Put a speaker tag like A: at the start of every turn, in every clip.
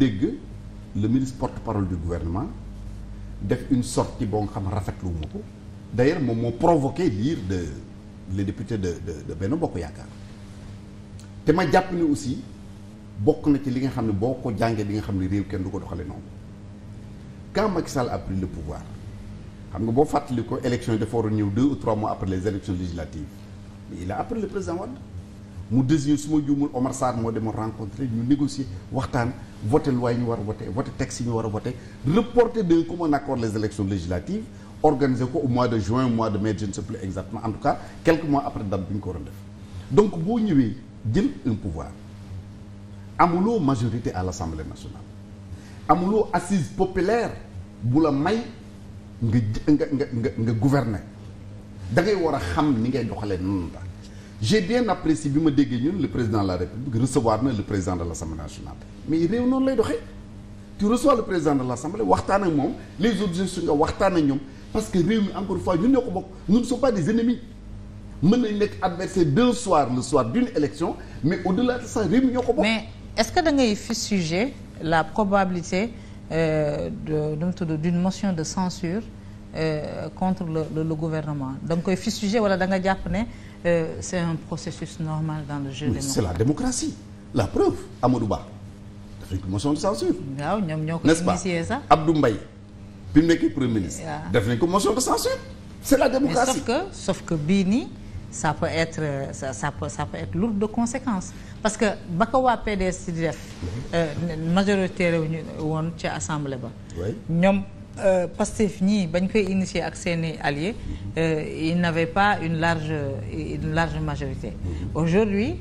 A: dégg le ministre porte-parole du gouvernement def une sortie boo nga xam rafetlu ma ko d'ailleurs moom moo provoqué lire de les députés de de de Benno Bokk Yaakaar te ma jàpp ni aussi bokk na ci li nga xam ne boo ko jàngee bi nga xam ne réew kenn du ko doxale noonu quand Macky Sall a pris le pouvoir xam nga boo fàttali ko élection yi dafa war a ñëw deux ou trois après les élections législatives mais il a le président Wade mu désigné su ma juumul Omar Sarr moo demoon rencontré ñu négocier waxtaan voté loi ñu war a voté voté texte yi ñu war a voté reporté d'un commun accord les élections législatives organisé ko au mois de juin mois de mai je ne sais plus exactement en tout cas quelques mois après date bi ñu ko war a def donc boo ñëwee jël un pouvoir amuloo majorité à l'Assemblée nationale amuloo assise populaire bu la may nga nga nga nga gouverner da ngay war a xam ni ngay doxalee j'ai bien apprécié bi ma déggee ñun le président de la république recevoir na le président de l' assemblée nationale mais réew noonu lay doxee tu reçois président de l' assemblée waxtaan ak waxtaan ak parce que réew mi encore une fois ñun ñoo ko bokk nous ne sommes pas des mën nañ nekk adversaire d'un soir le soir d'une élection mais au-delà réew mi ñoo ko bokk. mais est-ce que da ngay fustiger
B: la probabilité euh, de nu mu tudd d'une motion de censure euh, contre le, le, le gouvernement da koy fustiger wala da nga jàpp ne. euh, c'est un processus normal dans le jeu oui, démocratique.
A: démocratie la preuve Amadou Ba dafa nekk motion de censure.
B: waaw ñoom ñoo ko initié sax n'est-ce
A: pas Abdou bi mu nekkee premier ministre. def nañ ko motion de censure.
B: c'est la démocratie sauf que sauf que bii nii ça peut être ça ça peut de conséquence parce que ba ko waa PDS di def. Euh, majorité réew ci assemblée ba. ñoom. Euh, Pastef ñii bañ koy initier ak seeni alliés euh, il n'avait pas une large une large majorité aujourd'hui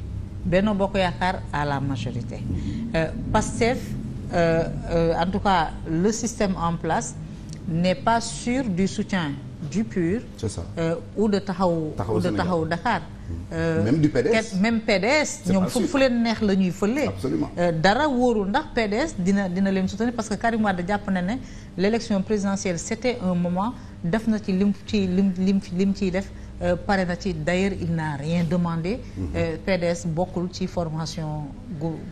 B: Benno Bokk Yaakaar à la majorité euh, Pastef en tout cas le système en place n'est pas sûr du soutien du PUR ou de Taxawu ou de Taxawu Dakar Euh, même du PDS même PDS ñoom fu leen neex la ñuy fëlee euh, dara wóorul ndax PDS dina dina leen soutenir parce que Karim Wade jàpp na ne l' élection un moment def na ci lim ci lim lim lim ciy def euh, pare na ci d' ailleurs il n'a rien demandé mm-hmm. PDS bokkul ci formation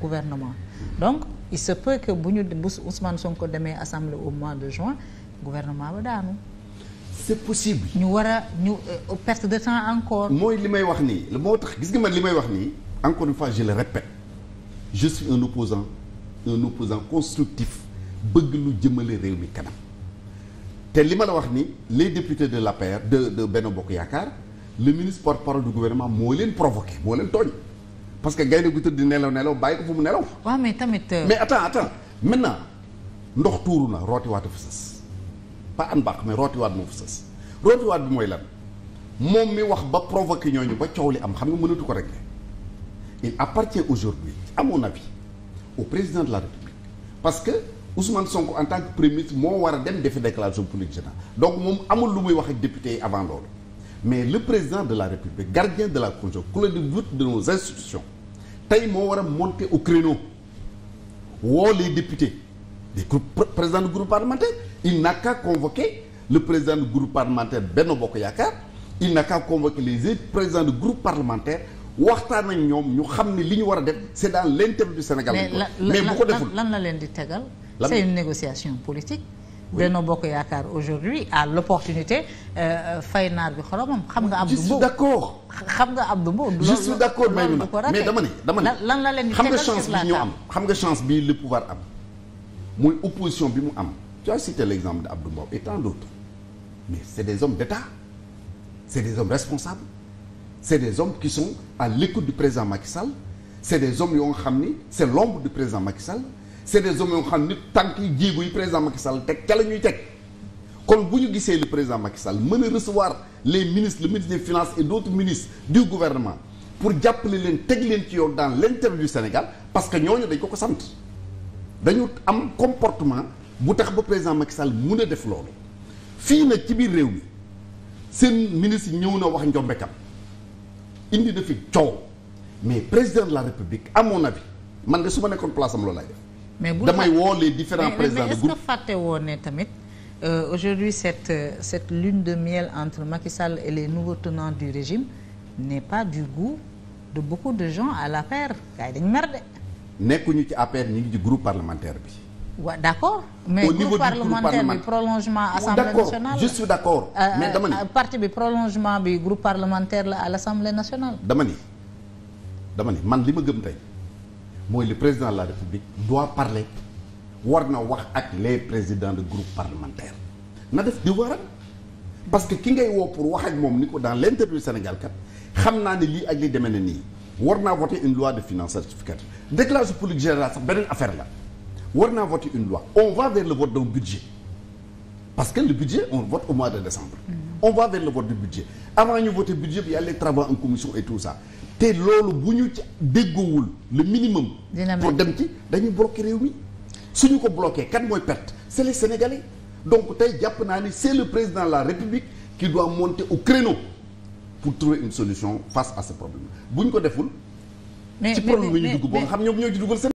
B: gouvernement donc il se peut que bu ñu bu Ousmane Sonko demee assemblée au mois de juin gouvernement ba daanu c'est possible. ñu war a ñu euh, perte de temps encore. mooy li
A: may wax nii moo tax gis nga man li may wax nii encore une fois je le répète je suis un opposant un opposant constructif bëgg lu jëmmale réew mi kanam te li ma la wax ni les députés de la l'APR de de benn Bokk Yaakaar le ministre porte-parole du gouvernement moo leen provoqué moo leen tooñ parce que gaynde gu tëdd nelaw nelaw bàyyi ko fu mu nelaw. waaw mais tamit. Euh, mais attends attends maintenant ndox tuuru na rootiwaatu fa sës. par an baax mais rootiwaat moo fa sës rootiwaat bi mooy lan moom mi wax ba provoqué ñooñu ba coow li am xam nga mënatu ko régler il appartient aujourd'hui à mon avis au président de la République parce que Ousmane Sonko en tant que premier moo war a dem defi déclaration politique générale donc moom amul lu muy wax ak député yi avant loolu mais le président de la République gardien de la Constitution clé de voûte de nos institutions tey moo war a monter au créneau woo les députés des groupes présidents de groupe Il n'a qu'à convoquer le président du groupe parlementaire Benno Bokk Yaakaar il n'a qu'à convoquer les autres présidents du groupe parlementaire waxtaan ak ñoom ñu xam ni li ñu war a def c'est dans l'intérêt du Sénégal. mais bu ko deful
B: lan la leen di tegal. c'est une négociation politique. Oui. Benno Bokk Yaakaar aujourd'hui à l'opportunité euh, fay naar bi xoromam xam nga am Mbow. je suis
A: d'accord xam nga Abdou Mbow. loolu je suis d'accord Maïmouna mais dama ne dama ne. lan la leen xam nga chance bi ñu am xam nga chance bi le pouvoir am mooy opposition bi mu am. tu as cité l'exemple d'Abdou Mbow et tant d'autres mais c'est des hommes d'État c'est des hommes responsables c'est des hommes qui sont à l'écoute du président Macky Sall c'est des hommes yoo nga xam ni c'est l'ombre du président Macky Sall c'est des hommes yoo nga xam ni tànk yi jéego yi président Macky Sall teg ca la ñuy teg kon bu ñu gisee le président Macky Sall mën a recevoir les ministres les ministre des finances et d'autres ministres du gouvernement pour jàppale leen teg leen ci yoon daan l'intérêt du Sénégal parce que ñooñu dañ ko ko sant dañu am comportement bu tax ba président Macky Sall mun a def loolu fii nag ci biir réew mi seen ministre ñëw na wax njombekam indi na fi coow mais président de la république amoon mon avis man de su ma nekkoon place am loolu laay def.
B: mais bu damay woo les différents présidents de groupe mais est-ce que fàtte woon ne tamit euh, aujourd'hui cette euh, cette lune de miel entre Macky Sall et les nouveaux tenants du régime n'est pas du goût de beaucoup de gens à l'APR gars yi dañu mer de.
A: nekkuñu ci APR ñu ngi groupe parlementaire
B: waaw d' accord
A: mais groupe parlementaire bi
B: prolongement oh, assemblée nationale je suis
A: d' euh, mais dama ni euh,
B: parti bi prolongement bi groupe parlementaire la à l' assemblée nationale.
A: dama ni dama man li ma gëm tey mooy le président de la république doit parler war na wax ak les présidents de groupe parlementaire na def devoiram parce que ki ngay woo pour wax ak moom ni ko dans l' interview Sénégal kat xam naa ni lii ak li demee na nii war naa voter une loi de finances rectificative déclaration publique générale sax beneen affaire la. war naa voter une loi on va vers le vote d'un budget parce que le budget on vote au mois de décembre mm-hmm. on va vers le vote du budget avant ñu voter budget bi y a les travaux en commission et tout ça te loolu bu ñu ci déggoowul le minimum pour dem ci dañu bloquer réew mi su ñu ko bloqué kan mooy perte c'est les Sénégalais donc tey jàpp naa ni c'est le président de la République qui doit monter au créneau pour trouver une solution face à ce problème bu ñu ko deful ci problème bi